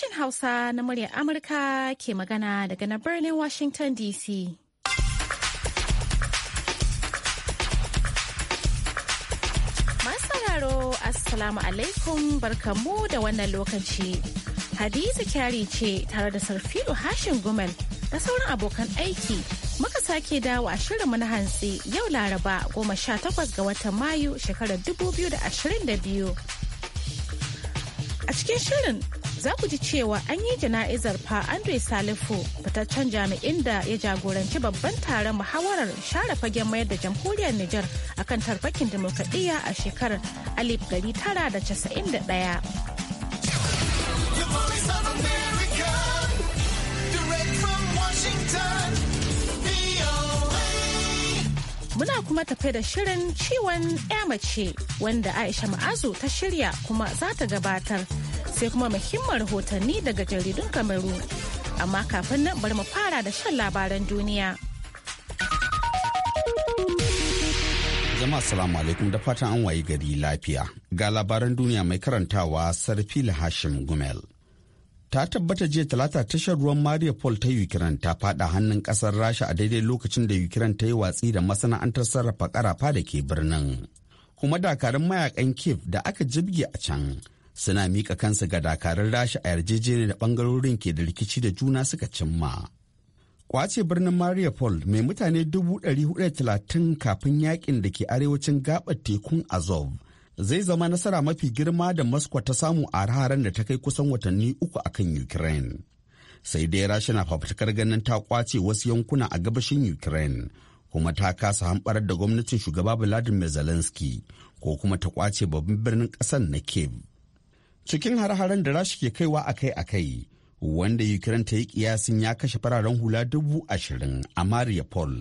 Sashen Hausa na muryar Amurka ke magana daga na birnin Washington DC. Masararo Assalamu alaikum barkamu da wannan lokaci. Hadiza kyari ce tare da Sarfilu Hashin Gumel da sauran abokan aiki muka sake dawo a shirinmu na hantsi yau Laraba goma sha takwas ga watan Mayu shekarar 2022. A cikin shirin za ku ji cewa an yi jana'izar fa andre salifu fitaccen jami'in da ya jagoranci babban taron muhawarar share fagen mayar da jamhuriyar nijar kan tarfakin dimokradiyya a shekarar 1991 Muna kuma tafe da shirin ciwon ya mace wanda Aisha Ma'azu ta shirya kuma za ta gabatar sai kuma muhimman rahotanni daga jaridun kamaru amma kafin nan bari mu fara da shan labaran duniya jama'a salamu alaikum da fatan an wayi gari lafiya ga labaran duniya mai karantawa sarfila hashim gumel ta tabbata jiya talata tashar ruwan maria pol ta ukraine ta fada hannun kasar rasha a daidai lokacin da ukraine ta yi watsi da masana'antar sarrafa karafa da ke birnin kuma dakarun mayakan kiev da aka jibge a can suna miƙa kansu ga dakarun rasha a yarjejeniyar da ɓangarorin ke da rikici da juna suka cimma. Kwace birnin Maria Paul, mai mutane 430 kafin yakin da ke arewacin gabar tekun Azov zai zama nasara mafi girma da Moscow ta samu a hararen da ta kai kusan watanni uku a kan Ukraine. Sai dai Rasha na fafutukar ganin ta kwace wasu yankuna a gabashin Ukraine kuma ta kasa hamɓarar da gwamnatin shugaba Vladimir Zelensky ko kuma ta kwace babban birnin ƙasar na Kiev. cikin har-haren da rashi ke kaiwa akai-akai wanda ukraine ta yi kiyasin ya kashe fararen hula dubu ashirin a paul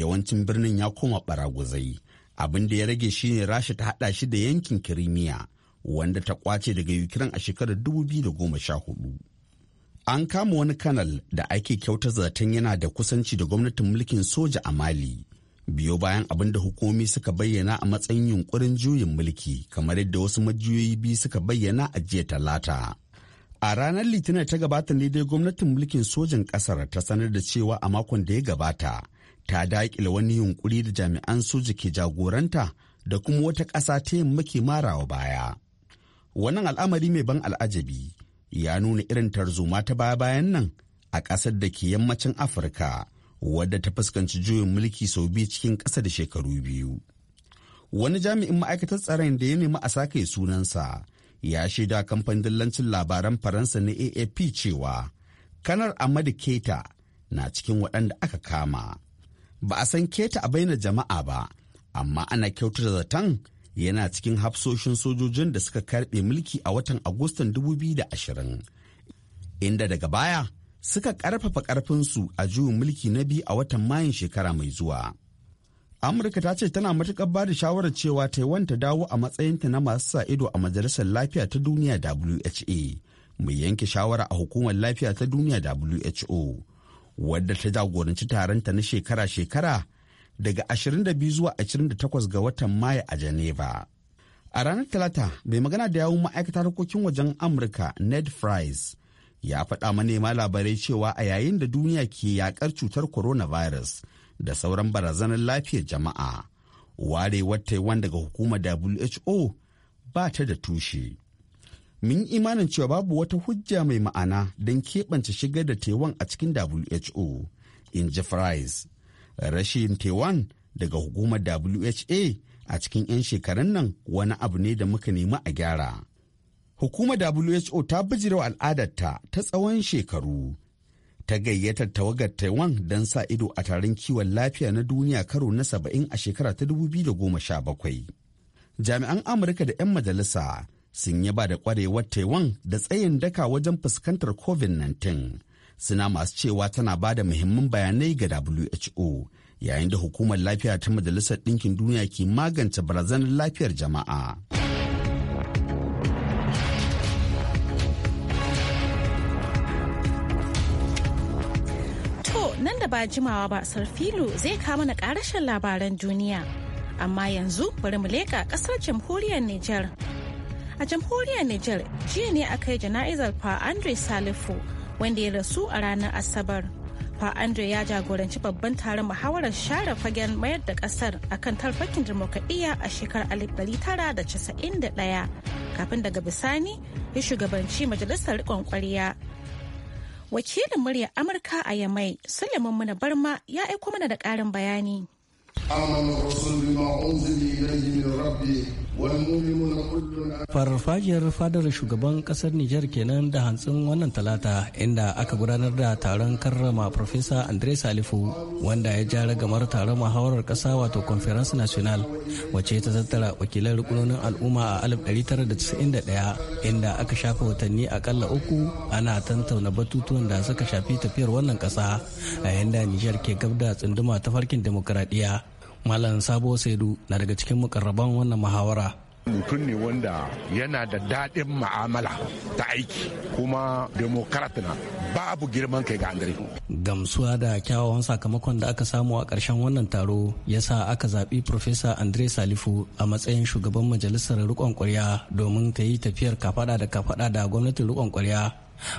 yawancin birnin ya koma baraguzai abin da ya rage shine rasha ta hada shi da yankin kirimiya wanda ta kwace daga ukraine a shekarar hudu. an kama wani kanal da ake kyautar zaton yana da kusanci da gwamnatin mulkin soja a mali biyo bayan abin da hukumomi suka bayyana a matsayin yunkurin juyin mulki kamar yadda wasu majiyoyi biyu suka bayyana a jiya talata a ranar litinin ta gabata ne dai gwamnatin mulkin sojin kasar ta sanar da cewa a makon da ya gabata ta daƙile wani yunkuri da jami'an soja ke jagoranta da kuma wata ƙasa ta yamma ke marawa baya wannan al'amari mai ban al'ajabi ya nuna irin tarzoma ta baya bayan nan a ƙasar da ke yammacin afirka wadda ta fuskanci juyin mulki sau biyu cikin ƙasa da shekaru biyu. Wani jami'in ma'aikatar tsaron da ya nemi a sake sunansa ya shaida kamfanin dillancin labaran Faransa na AAP cewa kanar amadu Keta na cikin waɗanda aka kama. Ba a san Keta a baina jama'a ba, amma ana kyautata zaton yana cikin hafsoshin sojojin da suka karɓe mulki a watan Agustan 2020. Inda daga baya suka ƙarfafa ƙarfinsu a juyin mulki na biyu a watan mayun shekara mai zuwa. amurka ta ce tana matuƙar ba da shawarar cewa ta yi wanta dawo a matsayinta na masu sa ido a majalisar lafiya ta duniya wha mai yanke shawara a hukumar lafiya ta duniya who wadda ta jagoranci taronta na shekara-shekara daga 22 zuwa 28 ga watan maya a geneva a ranar talata mai magana da yawun ma'aikatar harkokin wajen amurka ned fries ya faɗa manema labarai cewa a yayin da duniya ke yakar cutar coronavirus da sauran barazanar lafiyar jama'a warewar taiwan daga hukumar who ba ta da tushe mun imanin cewa babu wata hujja mai ma'ana don keɓance shigar da taiwan a cikin who in ji fries rashin taiwan daga hukumar wha a cikin 'yan shekarun nan wani abu ne da muka nemi a gyara Hukumar WHO ta bijirewa al'adarta ta tsawon shekaru. Ta gayyatar tawagar Taiwan don sa ido a taron kiwon lafiya na duniya karo na saba'in a shekara ta 2017. Jami'an Amurka da 'yan majalisa sun yi ba da kwarewar Taiwan da tsayin daka wajen fuskantar COVID-19. Suna masu cewa tana ba da muhimman bayanai ga WHO yayin da hukumar lafiya ta Majalisar Ɗinkin Duniya ke magance barazanar lafiyar jama'a. ba jimawa ba sarfilu zai kama na karashin labaran duniya amma yanzu bari mu leƙa ƙasar jamhuriyar niger a jamhuriyar niger jiya ne aka yi jana'izar fa andre salifu wanda ya rasu a ranar asabar fa andre ya jagoranci babban taron muhawarar share fagen mayar da ƙasar akan tarfakin dimokadiyya a shekarar 1991 kafin daga bisani ya shugabanci majalisar riƙon ƙwarya wakilin murya amurka a yamai suleiman muna barma ya aiko mana da ƙarin bayani. Farfajiyar fadar shugaban kasar Nijar kenan da hantsin wannan talata inda aka gudanar da taron karrama Profesa Andre Salifu wanda ya ja gamar taron muhawarar kasa wato Conference National wace ta tattara wakilan rukunonin al'umma a 1991 inda aka shafa watanni akalla uku ana tantauna batutuwan da suka shafi tafiyar wannan kasa a yanda Nijar ke gabda tsunduma ta farkin demokradiyya Malam Sabo Saidu na daga cikin mukarraban wannan muhawara. mutum ne wanda yana da daɗin ma'amala ta aiki kuma demokrat na babu girman kai ga andre gamsuwa da kyawawan sakamakon da aka samu a ƙarshen wannan taro ya sa aka zaɓi profesa andre salifu a matsayin shugaban majalisar rikon ƙwarya domin ta yi tafiyar kafaɗa da kafaɗa da gwamnatin rikon ƙwarya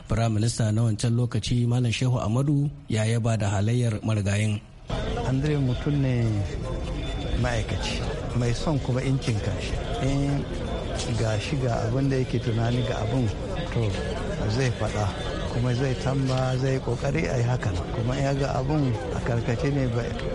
firaminista na wancan lokaci malam shehu amadu ya yaba da halayyar marigayin andre mutum ne ma'aikaci mai son kuma incin kanshi in eh, ga shi ga abin da yake tunani ga abin to zai faɗa kuma zai tamba zai kokari a yi hakan kuma ya ga abin a karkace ne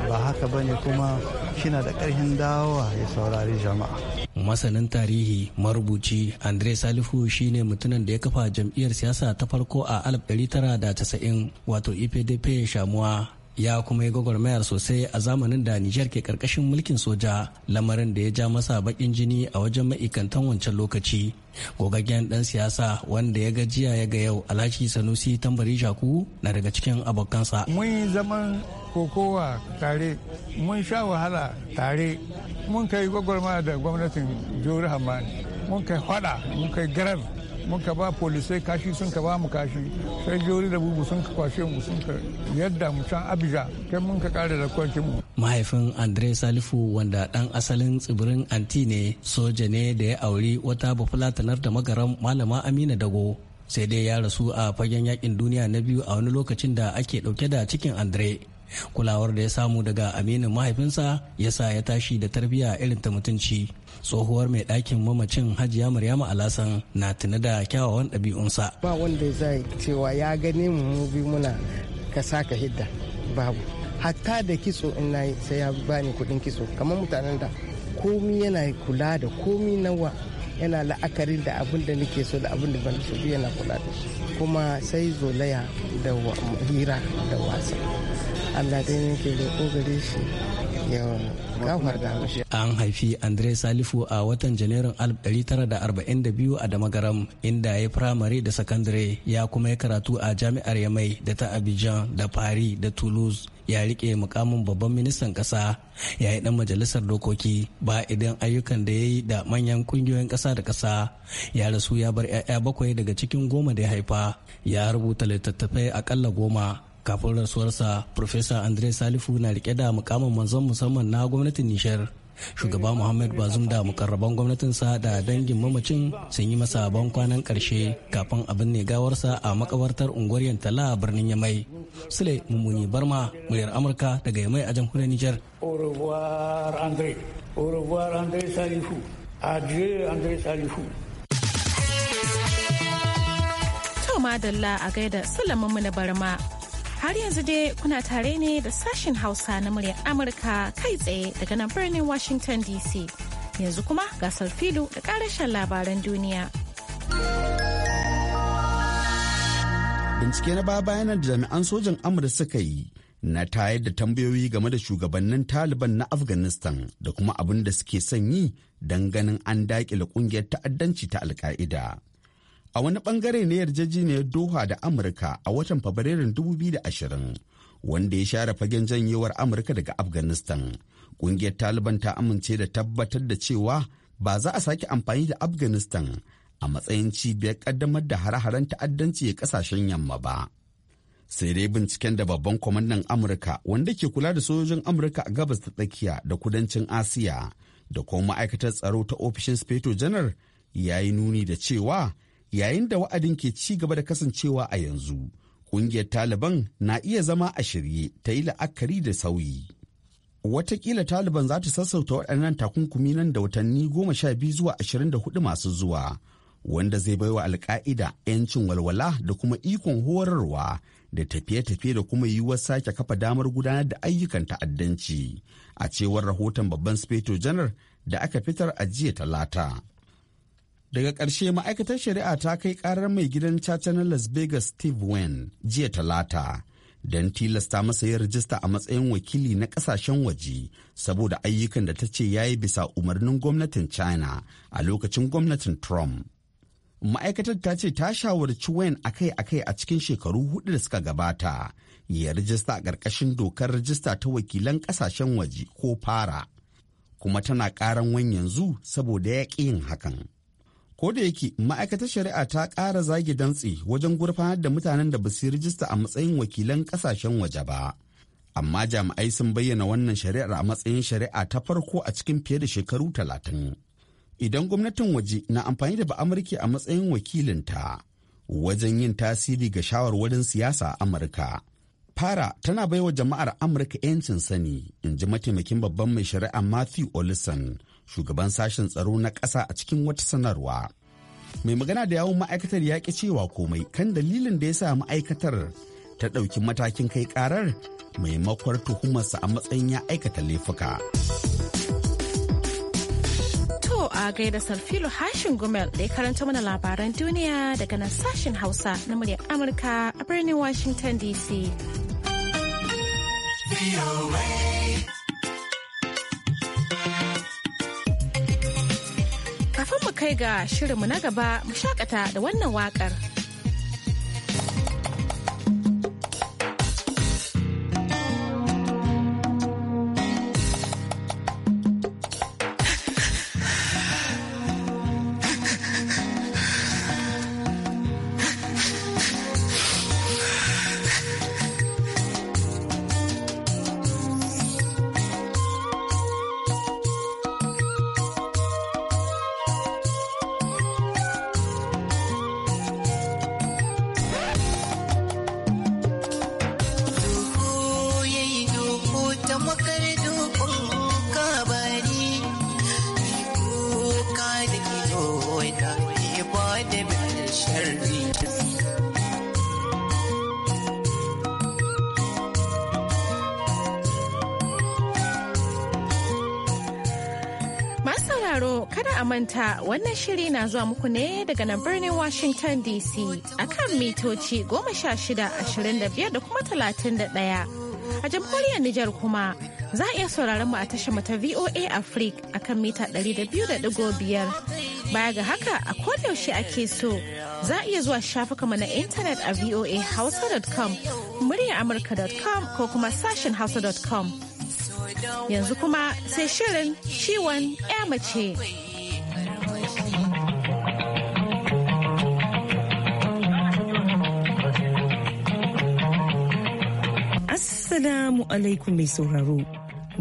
ba haka bane kuma shina da karhin dawowa ya saurari jama'a masanin tarihi marubuci andre salifu shine mutumin da ya kafa jam'iyyar siyasa ta farko a 1990 wato ipdp e shamuwa ya kuma yi gwagwarmayar sosai a zamanin da Nijar ke karkashin mulkin soja lamarin da ya ja masa bakin jini a wajen ma'ikantan wancan lokaci. Gogaggen ɗan siyasa wanda ya gajiya ya ga yau Alhaji Sanusi Tambari Shaku na daga cikin abokansa. Mun yi zaman kokowa tare, mun sha wahala tare, mun kai gwagwarmaya da gwamnatin Jihar Hamani, mun kai fada, mun kai garar mun ka ba polisai kashi sun ka ba mu kashi sai jori da bubu sun ka kwashe mu sun ka yadda mu can abuja kai mun ka kare da kwanci mu mahaifin andre salifu wanda dan asalin tsibirin anti ne soja ne da ya auri wata bafulatanar da magaran malama amina dago sai dai ya rasu a fagen yakin duniya na biyu a wani lokacin da ake dauke da cikin andre kulawar da ya samu daga aminin mahaifinsa ya sa ya tashi da tarbiyya irin ta mutunci tsohuwar mai ɗakin mamacin hajiya maryama alasan na tuna da kyawawan ɗabi'unsa ba wanda zai cewa ya gani mu bi muna ka saka hidda babu hatta da kitso in na sai ya bani kuɗin kitso kamar mutanen da komi yana kula da komi nawa yana la'akari da abin da nake so da abin da ban so yana kula da kuma sai zolaya da hira da wasa allah dai nake roƙo gare shi yawan An haifi Andre Salifu a watan Janairun 1942 a Damagaram inda ya firamare da sakandare ya kuma ya karatu a jami'ar Yamai da ta Abidjan da Paris da Toulouse ya rike mukamin babban ministan kasa ya yi dan majalisar dokoki ba idan ayyukan da ya yi da manyan kungiyoyin kasa da kasa ya rasu ya bar 'ya'ya bakwai daga cikin goma da ya haifa ya rubuta littattafai akalla goma kafin rasuwarsa profesa andre salifu na rike da mukamin manzon musamman na gwamnatin nishar shugaba muhammad bazum da mukarraban gwamnatinsa da dangin mamacin sun yi masa ban kwanan karshe kafin abin ne gawarsa a makabartar unguwar yantala a birnin yamai sule mummuni barma muryar amurka daga yamai a jamhuriyar niger au revoir andré au revoir andré salifu adieu andré salifu to madalla a gaida sulamanmu na barma Har yanzu dai kuna tare ne da sashen Hausa na muryar Amurka kai tsaye daga nan birnin Washington DC. Yanzu kuma gasar filu da karashen labaran duniya. Bincike na baya bayanan da jami'an sojan Amurka suka yi na tayar da tambayoyi game da shugabannin Taliban na Afghanistan da kuma abin da suke son yi don ganin an daƙile ƙungiyar ta'addanci ta Alka'ida. a wani bangare na yarjejeniyar doha da amurka a watan fabrairun 2020 wanda ya share fagen janyewar amurka daga afghanistan kungiyar taliban ta amince da tabbatar da cewa ba za a sake amfani da afghanistan a matsayin cibiyar kaddamar da hare-haren ta'addanci a kasashen yamma ba sai dai binciken da babban kwamandan amurka wanda ke kula da sojojin amurka a gabas ta tsakiya da kudancin asiya da kuma ma'aikatar tsaro ta ofishin speto janar ya yi nuni da cewa yayin da wa'adin ke ci gaba da kasancewa a yanzu ƙungiyar taliban na iya zama a shirye ta yi la'akari da sauyi watakila taliban za ta sassauta waɗannan takunkumi nan da watanni goma sha biyu zuwa ashirin da hudu masu zuwa wanda zai baiwa alka'ida 'yancin walwala da kuma ikon horarwa da tafiye-tafiye da kuma yiwuwar sake kafa damar gudanar da ayyukan ta'addanci a cewar rahoton babban speto janar da aka fitar a jiya talata daga ƙarshe ma'aikatar shari'a ta kai ƙarar mai gidan caca na las vegas steve Wynn jiya talata don tilasta masa yin rajista a matsayin wakili na ƙasashen waje saboda ayyukan da ta ce ya yi bisa umarnin gwamnatin china a lokacin gwamnatin trump ma'aikatar ta ce ta shawarci Wynn akai-akai a cikin shekaru hudu da suka gabata ya rajista a ƙarƙashin dokar rajista ta wakilan ƙasashen waje ko fara kuma tana ƙaran wani yanzu saboda ya ƙi yin hakan ko da yake ma'aikatar shari'a ta ƙara zagi dantse wajen gurfanar da mutanen da basu rijista a matsayin wakilan ƙasashen waje ba amma jami'ai sun bayyana wannan shari'ar a matsayin shari'a ta farko a cikin fiye da shekaru talatin idan gwamnatin waje na amfani da ba'amurki a matsayin wakilinta wajen yin tasiri ga shawarwarin siyasa amurka fara tana baiwa jama'ar amurka 'yancin sani in ji mataimakin babban mai shari'a matthew olison shugaban sashen tsaro na ƙasa a cikin wata sanarwa. Mai magana da yawon ma'aikatar ya ƙi cewa komai kan dalilin da ya sa ma'aikatar ta ɗauki matakin kai ƙarar maimakon tuhumarsa a matsayin ya aikata laifuka. To a gaida Sarfilo Hashin Gumel da ya karanta mana labaran duniya daga nan sashen Hausa na muryar Amurka a birnin Washington DC. kai ga shirinmu na gaba mu shakata da wannan waƙar. kada a manta wannan shiri na zuwa muku ne daga nan birnin Washington DC a kan mitoci 16 da kuma 31. A jamhuriyar Nijar kuma za a iya sauraron mu a tashar mata VOA Africa akan mita 200.5. Baya ga haka a kodayaushe ake so za a iya zuwa shafukanmu na intanet a voahausa.com, muryaamurka.com ko kuma sashen hausa.com. yanzu kuma sai shirin ciwon ya mace. Assalamu alaikum mai sauraro.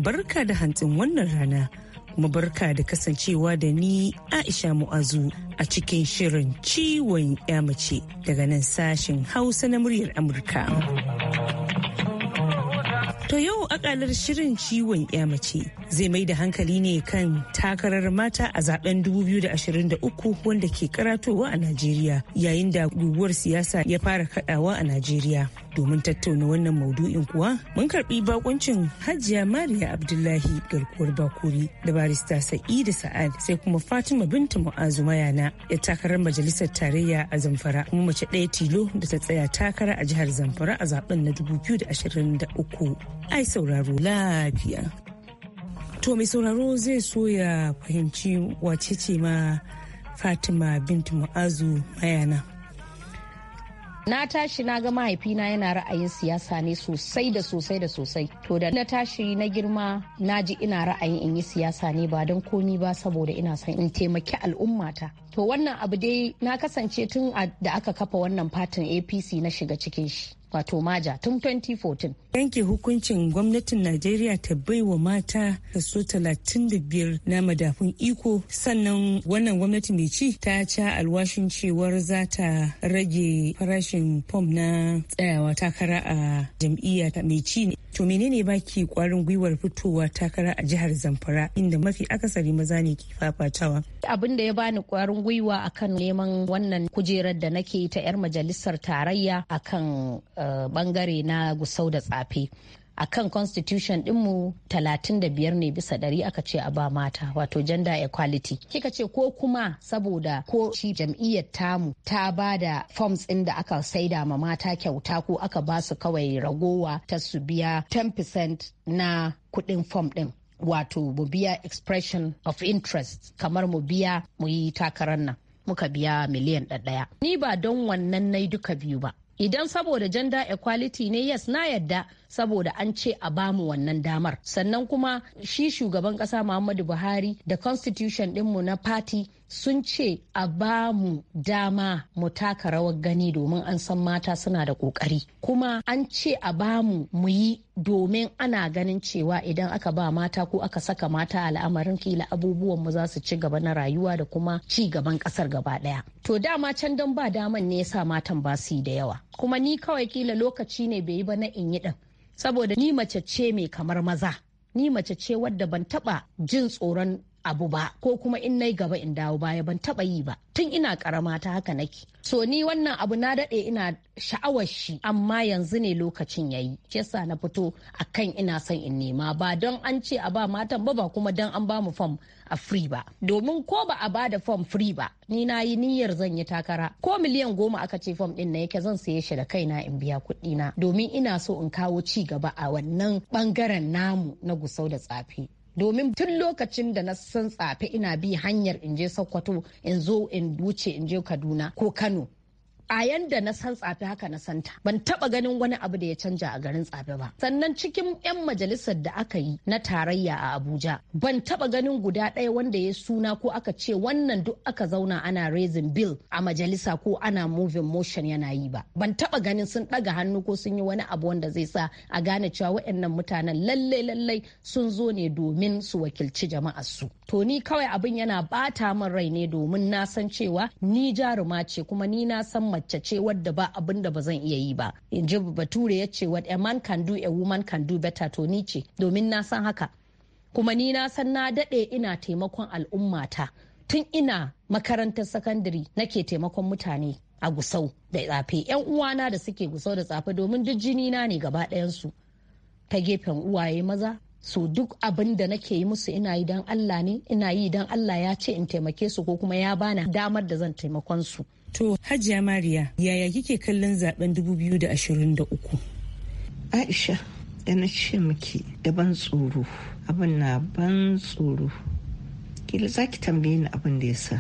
Barka da hantsin wannan rana, kuma barka da kasancewa da ni Aisha Mu'azu a cikin shirin ciwon mace daga nan sashen Hausa na muryar Amurka. To yau akalar shirin ciwon mace zai mai da hankali ne kan takarar mata a zaben 2023 wanda ke karatowa a Najeriya yayin da guguwar siyasa ya fara kadawa a Najeriya. domin tattauna wannan maudu'in kuwa mun karbi bakoncin hajiya mariya abdullahi garkuwar bakuri da barista sa'idu sa'ad sai kuma fatima binta mu'azu mayana ya takarar majalisar tarayya a zamfara kuma mace ɗaya tilo da ta tsaya takara a jihar zamfara a zaben na da 2023 ai sauraro lafiya to mai sauraro zai so ya fahimci wacece ma fatima binta mu'azu mayana na tashi na ga mahaifina yana ra'ayin siyasa ne sosai da sosai da sosai to da na tashi na girma na ji ina ra'ayin in yi siyasa ne ba don komi ba saboda ina son in taimaki al'ummata to wannan abu dai na kasance tun da aka kafa wannan fatin apc na shiga cikin shi wato maja tun 2014. Yanke hukuncin gwamnatin Najeriya ta bai wa mata kaso 35 na madafun iko sannan wannan gwamnati mai ci ta ca alwashin cewar za ta rage farashin fom na tsayawa takara a jam'iyya mai ci ne. To menene baki kwarin gwiwar fitowa takara a jihar Zamfara inda mafi akasari maza ne ke fafatawa? Abin da ya bani kwarin gwiwa akan neman wannan kujerar da nake ta 'yar majalisar tarayya akan eh, bangare na gusau da tsafe. a kan constitution dinmu 35 ne bisa ɗari aka ce a ba mata wato gender equality kika ce ko kuma saboda ko shi jam'iyyar tamu ta ba da forms inda da aka saida ma mata kyauta ko aka ba su kawai ragowa ta su biya 10% na kudin form din wato mu biya expression of interest kamar mu biya mu yi takarar nan muka biya miliyan ɗaya. Ni ba don wannan na duka biyu ba. Idan saboda gender equality ne yes na yadda saboda an ce a bamu wannan damar sannan kuma shi shugaban kasa muhammadu buhari da constitution dinmu na party sun ce a bamu dama mu taka rawar gani domin an san mata suna da kokari kuma an ce a bamu mu yi domin ana ganin cewa idan aka ba mata ko aka saka mata al'amarin kila abubuwan mu za su ci gaba na rayuwa da kuma ci gaban kasar gaba daya to dama can don ba daman ne ya sa matan ba su yi da yawa kuma ni kawai kila lokaci ne bai yi ba na in yi din saboda ni mace ce mai kamar maza ni mace ce wadda ban taba jin tsoron abu ba ko kuma in nai gaba in dawo baya ban taba yi ba tun ina karama ta haka nake so ni wannan abu na dade ina sha'awar shi amma yanzu ne lokacin yayi yasa na fito akan ina son in nema ba don an ce a ba matan ba ba kuma don an ba mu fam a free ba domin ko ba a bada form free ba ni na yi niyyar zan yi takara ko miliyan goma aka ce form din na yake zan saye shi da kaina in biya kuɗi na domin ina so in kawo ci gaba a wannan bangaren namu na gusau da tsafi domin tun lokacin da na san tsafe ina bi hanyar in je sokoto in zo in wuce in je kaduna ko kano a yanda na san tsafi haka na santa ban taba ganin wani abu da ya canja a garin tsafi ba sannan cikin 'yan majalisar da aka yi na tarayya a abuja ban taba ganin guda ɗaya wanda ya suna ko aka ce wannan duk aka zauna ana raising bill a majalisa ko ana moving motion yana yi ba ban taba ganin sun ɗaga hannu ko sun yi wani abu wanda zai sa a gane cewa waɗannan mutanen lallai lallai sun zo ne domin su wakilci jama'ar su to ni kawai abin yana bata min rai ne domin na san cewa ni jaruma ce kuma ni na san mace ce wadda ba abin da ba zan iya yi ba in ji bature ya ce what man can do a woman can do better to ni ce domin na san haka kuma ni na san na daɗe ina taimakon al'ummata tun ina makarantar sakandare nake taimakon mutane a gusau da tsafe yan uwana da suke gusau da tsafe domin duk jini na ne gaba ɗayansu ta gefen uwaye maza su duk abin da nake yi musu ina yi don Allah ne ina yi don Allah ya ce in taimake su ko kuma ya bani damar da zan taimakon su To Hajiya Mariya, yaya kike kallon zaben 2023? Aisha, da na ce miki da ban tsoro, abin na ban tsoro. Kila za ki tambaye ni abin da ya sa.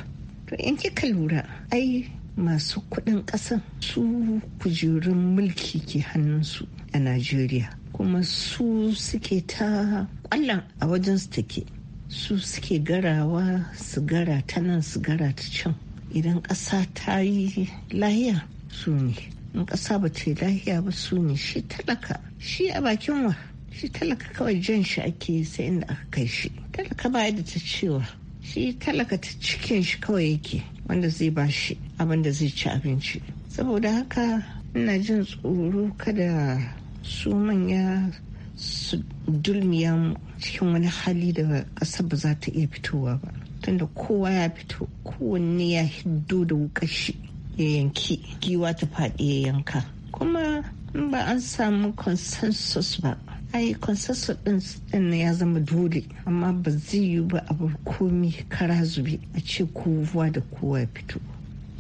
To in kika lura, ai masu kuɗin ƙasan su kujerun mulki ke hannunsu a Najeriya. Kuma su suke ta ƙwallon a wajen su take. Su suke garawa su gara ta nan su gara ta can. idan ƙasa ta yi lahiya su ne in ƙasa ba ta yi lahiya ba su ne shi talaka shi a bakin wa shi talaka kawai jan shi ake sai inda aka kai shi talaka ba da ta cewa shi talaka ta cikin shi kawai yake wanda zai ba shi abin da zai ci abinci saboda haka ina jin tsoro kada su manya su dulmiya cikin wani hali da ƙasar ba za ta iya fitowa ba tunda kowa ya fito kowanne ya hiddo da shi ya yanki giwa ta faɗi ya yanka kuma in ba an samu consensus ba ai consensus din din ya zama dole amma ba zai yi ba abu komi kara zube a ce kowa da kowa ya fito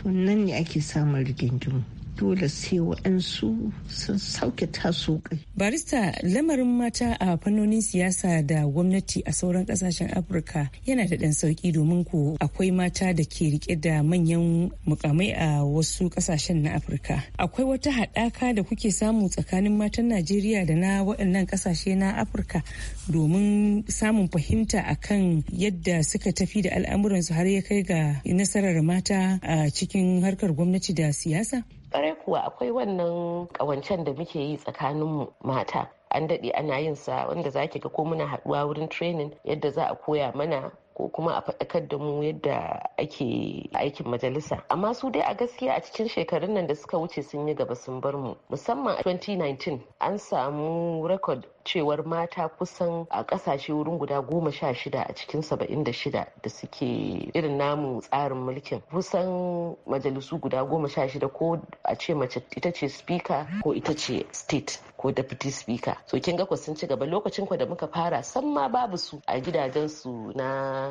to nan ne ake samun rigingimu dole sai waɗansu sun sauke taso kai. barista lamarin mata a fannonin siyasa da gwamnati a sauran kasashen afirka yana da ɗan sauki domin ko akwai mata da ke rike da manyan mukamai a wasu kasashen na afirka akwai wata haɗaka da kuke samu tsakanin matan najeriya da na waɗannan kasashe na afirka domin samun fahimta akan yadda suka tafi da al'amuransu har ya kai ga nasarar mata a cikin harkar gwamnati da siyasa Kwarai kuwa akwai wannan kawancen da muke yi tsakanin mata. an daɗe ana yin sa wanda za ki ga ko muna haɗuwa wurin training yadda za a koya mana ko kuma a faɗakar da mu yadda ake aikin majalisa amma su dai a gaskiya a cikin shekarun nan da suka wuce sun yi gaba sun bar mu musamman a 2019 an samu rekod cewar mata kusan a kasashe wurin guda goma sha shida a cikin saba'in da shida da suke irin namu tsarin mulkin kusan majalisu guda goma sha shida ko a ce mace ita ce speaker ko ita ce state ko deputy speaker so kin ga sun ci gaba lokacin ku da muka fara san ma babu su a gidajen su na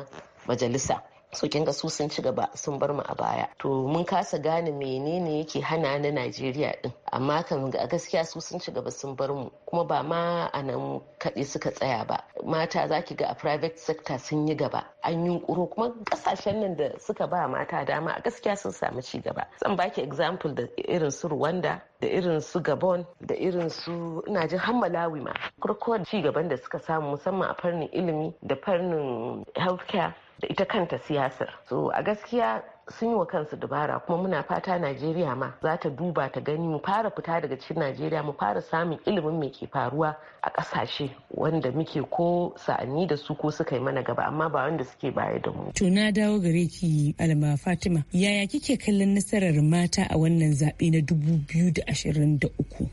majalisa su kinga su sun ci gaba sun bar mu a baya to mun kasa gane menene yake hana na Najeriya din amma kan a gaskiya su sun ci gaba sun bar mu kuma ba ma a nan kaɗe suka tsaya ba mata za ki ga a private sector sun yi gaba an yi kuro kuma kasashen nan da suka ba mata dama a gaskiya sun samu ci gaba zan baki example da irin su Rwanda da irin su Gabon da irin su ina jin har Malawi ma kurkuwar ci gaban da suka samu musamman a fannin ilimi da fannin healthcare da ita kanta siyasar so a gaskiya sun yi wa kansu dubara kuma muna fata najeriya ma za ta duba ta gani mu fara fita daga cikin najeriya mu fara samun ilimin mai ke faruwa a kasashe wanda muke ko sa'anni da su ko suka yi mana gaba amma ba wanda suke baya da mu. to na dawo gare ki alma fatima yaya kike kallon nasarar mata a wannan zaɓe na dubu biyu da ashirin da uku.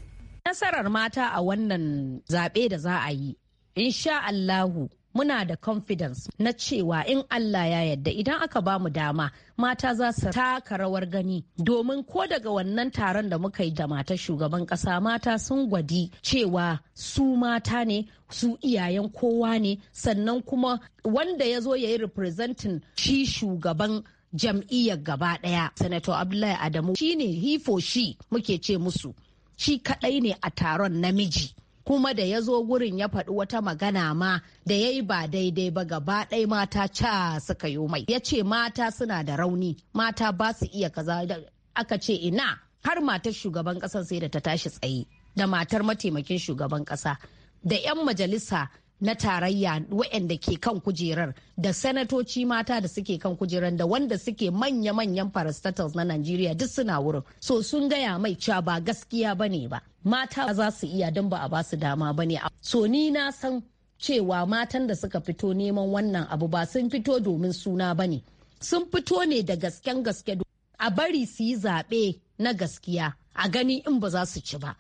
nasarar mata a wannan zaɓe da za a yi insha allahu muna da confidence na cewa in Allah ya yadda idan aka ba mu dama mata za su taka rawar gani domin ko daga wannan taron da muka yi da mata shugaban kasa mata sun gwadi cewa su mata ne su iyayen kowa ne sannan kuma wanda ya zo ya yi representing shi shugaban jam'iyyar gaba daya senator abdullahi adamu shine hifo shi muke ce musu shi kadai ne a taron namiji kuma da ya zo gurin ya faɗi wata magana ma da ya yi ba daidai ba gaba ɗaya mata ca suka yi mai ya ce mata suna da rauni mata ba su iya kaza aka ce ina har matar shugaban ƙasar sai da ta tashi tsaye da matar mataimakin shugaban ƙasa da 'yan majalisa na tarayya waɗanda ke kan kujerar da sanatoci mata da suke kan kujerar da wanda suke manya-manyan parastatals na Najeriya duk suna wurin. So sun gaya mai cewa ba gaskiya ba ne ba. Mata za su iya don ba a ba su dama ba ne. So ni na san cewa matan da suka fito neman wannan abu ba sun fito domin suna ba ne. Sun fito ne da gasken gaske a bari su yi zaɓe na gaskiya a gani in ba za su ci ba.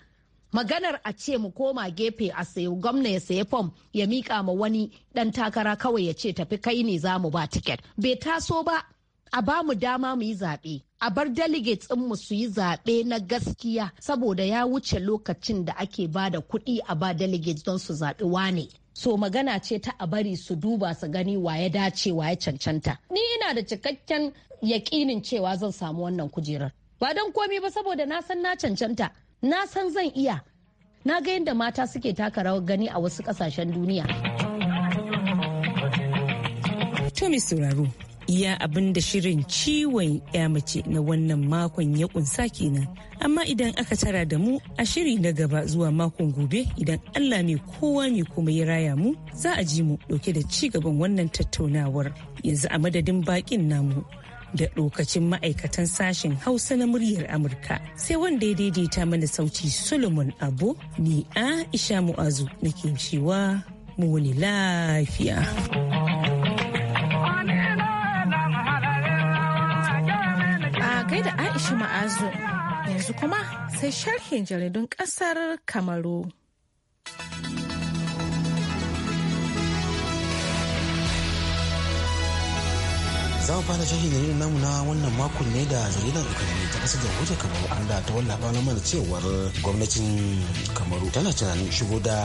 maganar a ce mu koma gefe a sayo gwamna ya sayi fom ya mika ma wani dan takara kawai ya ce tafi kai ne za mu ba tiket bai taso ba a ba mu dama mu yi zaɓe a bar delegates mu su yi zaɓe na gaskiya saboda ya wuce lokacin da ake ba da kuɗi a ba delegates don su zaɓi wane so magana ce ta a bari su duba su gani wa ya dace wa ya cancanta ni ina da cikakken yaƙinin cewa zan samu wannan kujerar ba don komi ba saboda na san na cancanta na san zan iya na ga yadda mata suke taka rawar gani a wasu kasashen duniya Tomi sauraro iya abin da shirin ciwon ya mace na wannan makon ya kunsa kenan amma idan aka tara da mu a shiri na gaba zuwa makon gobe idan allah mai kowa mai kuma ya raya mu za a ji mu dauke da ci gaban wannan tattaunawar yanzu a madadin bakin namu da lokacin ma'aikatan sashen hausa na muryar amurka sai wanda ya daidaita mana sauti solomon abu ni aisha mu'azu na cewa mu wani lafiya a gaida aisha ma'azu yanzu kuma sai sharhin jaridun kasar kamaru za mu fara shahin jaridar namu na wannan makon ne da jaridar ekonomi ta kasar jamhuriyar kamaru an da ta wallafa mana cewar gwamnatin kamaru tana tunanin shigo da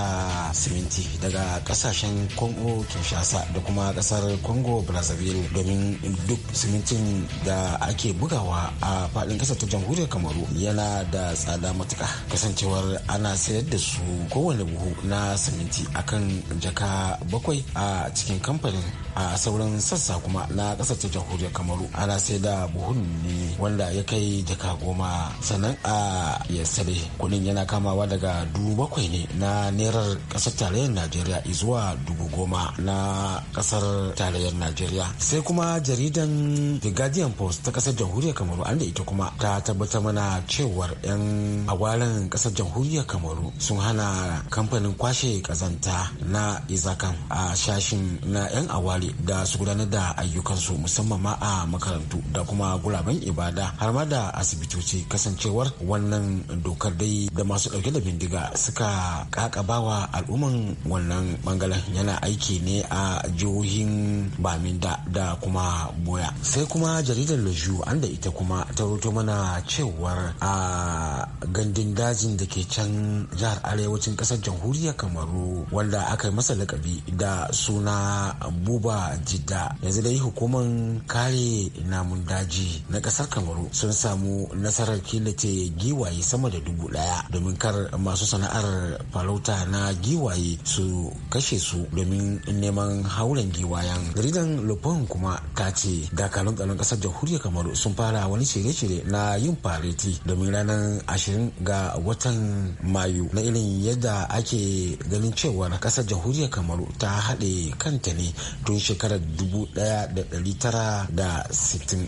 siminti daga kasashen congo kinshasa da kuma kasar congo brazzaville domin duk simintin da ake bugawa a faɗin kasar ta jamhuriyar kamaru yana da tsada matuka kasancewar ana sayar da su kowane buhu na siminti akan jaka bakwai a cikin kamfanin a sauran sassa kuma na kasar ta jamhuriyar kamaru ana sai da buhun ne wanda ya kai jaka goma sannan a yasare kudin yana kamawa daga dubu bakwai ne na nerar kasar tarayyar najeriya zuwa dubu goma na kasar tarayyar najeriya sai kuma jaridan the guardian post ta kasar jamhuriyar kamaru an da ita kuma ta tabbatar mana cewar yan agwaren kasar jamhuriyar kamaru sun hana kamfanin kwashe kazanta na izakan a shashin na yan awari ware da su gudanar da ayyukansu musamman ma a makarantu da kuma guraben ibada har ma da asibitoci kasancewar wannan dokar dai da masu dauke da bindiga suka kakabawa al'umman wannan bangaren yana aiki ne a jihohin baminda da kuma boya sai kuma jaridar leju an da ita kuma ta ruto mana cewar a gandun dajin da ke can jihar arewacin kasar jamhuriyar kamaru wanda aka yi masa lakabi da suna buba zuwa jidda yanzu dai hukumar kare namun daji na kasar kamaru sun samu nasarar killace giwaye sama da dubu daya domin kar masu sana'ar farauta na giwaye su kashe su domin neman hauren giwayen jaridan lupin kuma ta ce dakarun tsaron kasar jamhuriyar kamaru sun fara wani shirye-shirye na yin fareti domin ranar ashirin ga watan mayu na irin yadda ake ganin cewa na kasar jamhuriyar kamaru ta haɗe kanta ne to tun shekarar 1960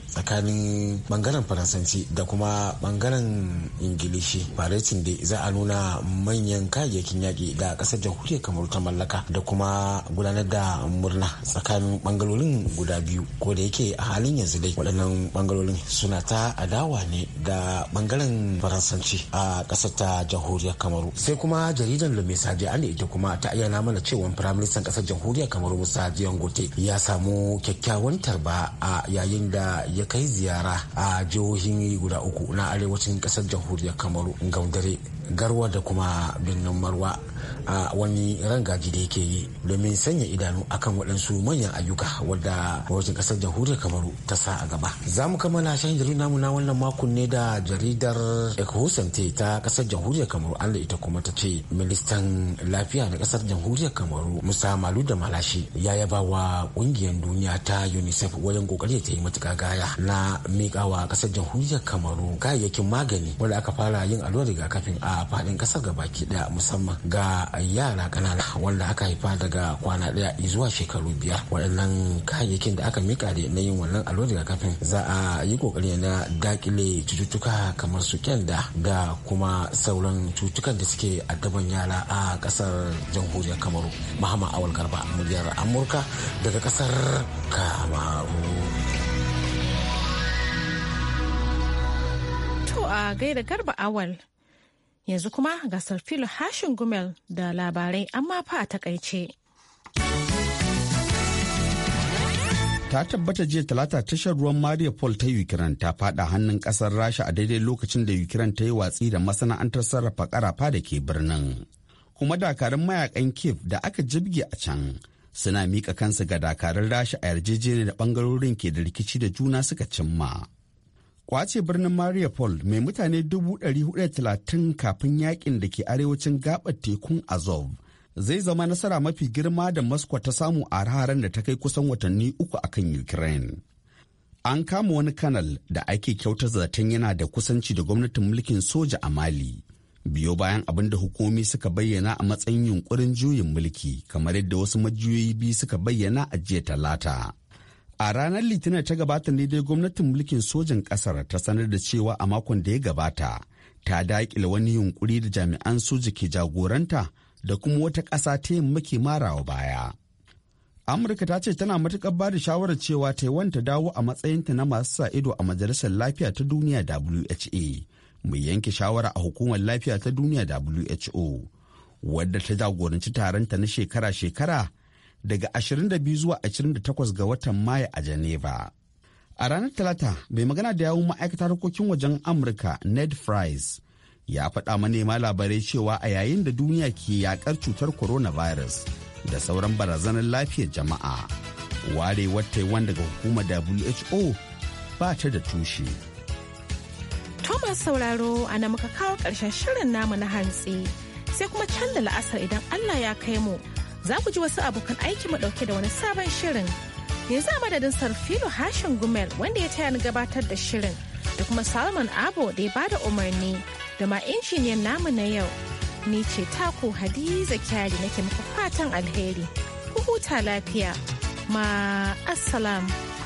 tsakanin bangaren faransanci da kuma bangaren ingilishi faretin da za a nuna manyan kayayyakin yaƙi da ƙasar jamhuriyar kamar ta mallaka da kuma gudanar da murna tsakanin bangarorin guda biyu ko da yake a halin yanzu dai waɗannan bangarorin suna ta adawa ne da bangaren faransanci a ƙasar ta jamhuriyar kamaru sai kuma jaridar lumisaji an ita kuma ta ayyana mana cewa firaministan ƙasar jamhuriyar kamaru musa dion yake ya samu kyakkyawan tarba a yayin da ya kai ziyara a jihohin guda uku na arewacin kasar jamhuriyar kamaru gaudare garwa da kuma birnin marwa a wani rangaji da yake yi domin sanya idanu akan waɗansu manyan ayyuka wadda wajen ƙasar jamhuriyar kamaru ta sa a gaba za mu kammala shan jaridar namu na wannan makon ne da jaridar ecohusante ta ƙasar jamhuriyar kamaru an da ita kuma ta ce ministan lafiya na ƙasar jamhuriyar kamaru musa malu da malashi ya yaba wa ƙungiyar duniya ta unicef wajen ƙoƙari ta yi matuƙa gaya na miƙawa ƙasar jamhuriyar kamaru kayayyakin magani wanda aka fara yin allurar rigakafin a faɗin fadin ga baki daya musamman ga yara kanana wanda aka haifa daga kwana daya zuwa shekaru biyar waɗannan kayayyakin da aka mika da na yin wannan allo daga kafin za a yi kokari na dakile cututtuka kamar su kyanda da kuma sauran cututtukan da suke addaban yara a kasar jamhuriyar kamaru mahama awal garba muryar amurka daga kasar kamaru a gaida garba awal Yanzu kuma gasar filo hashin gumel da labarai amma fa a takaice. ta tabbata jiya talata tashar ruwan Paul ta ukraine ta fada hannun kasar rasha a daidai lokacin da ukraine ta yi watsi da masana'antar sarrafa karafa da ke birnin kuma dakarun mayakan kiev da aka jibge a can suna mika kansu ga dakarun rasha a yarjejeniyar da bangarorin ke da rikici da juna suka cimma kwace birnin mariupol mai mutane 430 kafin yakin da ke arewacin gabar tekun azov zai zama nasara mafi girma da moscow ta samu a hararen da ta kai kusan watanni uku a kan ukraine an kama wani kanal da ake kyauta zaton yana da kusanci da gwamnatin mulkin soja a mali biyo bayan abin da hukumi suka bayyana a matsayin yunkurin juyin mulki kamar yadda wasu majiyoyi biyu suka bayyana a jiya talata A ranar Litinin ta gabata ne dai gwamnatin mulkin sojan ƙasar ta sanar da cewa a makon da ya gabata ta daƙile wani yunkuri da jami'an soja ke jagoranta da kuma wata ƙasa ta yamma ke marawa baya. amurka ta ce tana matuƙar ba da shawarar cewa taiwan ta dawo a matsayinta na masu sa ido a majalisar lafiya ta duniya wha mai yanke shawara a hukumar lafiya ta duniya who wadda ta jagoranci taronta na shekara-shekara daga 22 zuwa 28 ga watan Mayu a Geneva. A ranar Talata, mai magana da yawun ma'aikatar harkokin wajen Amurka Ned fries ya faɗa manema labarai cewa a yayin da duniya ke yaƙar cutar coronavirus da sauran barazanar lafiyar jama'a. Ware wata wanda daga hukumar WHO ba ta da tushe. Thomas sauraro ana muka kawo ƙarshen shirin namu na hantsi sai kuma canza la'asar idan Allah ya kai mu za ku ji wasu abokan aiki mu dauke da wani sabon shirin. Yanzu a madadin Sarfilo Hashin Gumel wanda ya taya ni gabatar da shirin da kuma Salman Abo da ya bada umarni da ma injiniyan namu na yau. Ni ce taku Hadiza Kyari nake muku fatan alheri. Ku huta lafiya. Ma assalamu.